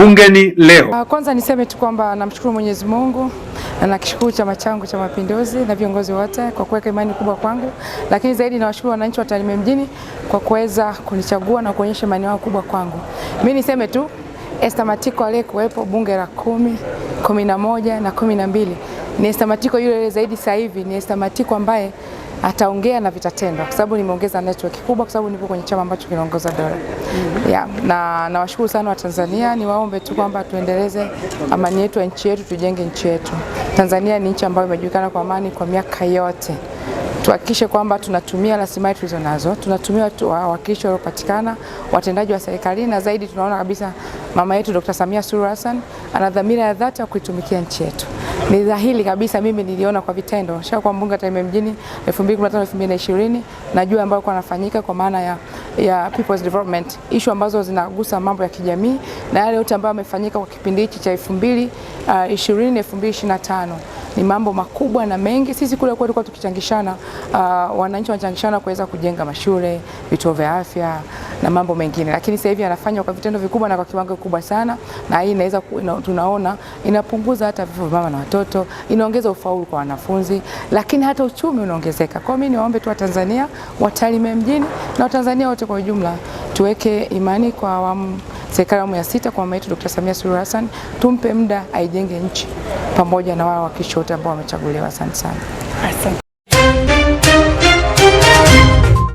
bungeni leo. Ah, kwanza niseme tu kwamba namshukuru Mwenyezi Mungu na nakishukuru chama changu cha Mapinduzi na viongozi wote kwa kuweka imani kubwa kwangu, lakini zaidi nawashukuru wananchi wa Tarime mjini kwa kuweza kunichagua na kuonyesha imani yao kubwa kwangu. Mimi niseme tu Esther Matiko aliyekuwepo bunge la kumi 11 na 12. Nesta Matiko yule yule zaidi sasa hivi ni estamatiko ambaye ataongea na vitatendwa kwa sababu nimeongeza network kubwa, kwa sababu nipo kwenye chama ambacho kinaongoza dola. mm -hmm. Yeah, na nawashukuru sana Watanzania, niwaombe tu kwamba tuendeleze amani yetu ya nchi yetu, tujenge nchi yetu. Tanzania ni nchi ambayo imejulikana kwa amani kwa miaka yote. Tuhakikishe kwamba tunatumia rasilimali tulizo nazo, tunatumia wawakilishi waliopatikana, watendaji wa serikalini, na zaidi tunaona kabisa mama yetu Dr. Samia Suluhu Hassan ana dhamira ya dhati ya kuitumikia nchi yetu. Ni dhahiri kabisa, mimi niliona kwa vitendo kwa mbunge Tarime mjini 2015 2020, najua ambayo kwa nafanyika kwa maana ya, ya people's development issue ambazo zinagusa mambo ya kijamii na yale yote ambayo yamefanyika kwa kipindi hichi cha 2020 2025 ni mambo makubwa na mengi. Sisi kule kwetu kwa tukichangishana, uh, wananchi wanachangishana kuweza kujenga mashule, vituo vya afya na mambo mengine, lakini sasa hivi anafanywa kwa vitendo vikubwa na kwa kiwango kikubwa sana, na hii inaweza tunaona inapunguza hata vifo vya mama na watoto, inaongeza ufaulu kwa wanafunzi, lakini hata uchumi unaongezeka. Kwa mimi niwaombe tu Watanzania watarime mjini na Watanzania wote kwa ujumla tuweke imani kwa awamu serikali awamu ya sita kwa mama yetu Samia Suluhu Hassan, tumpe muda aijenge nchi pamoja na wao wakishote ambao wamechaguliwa. Asante sana.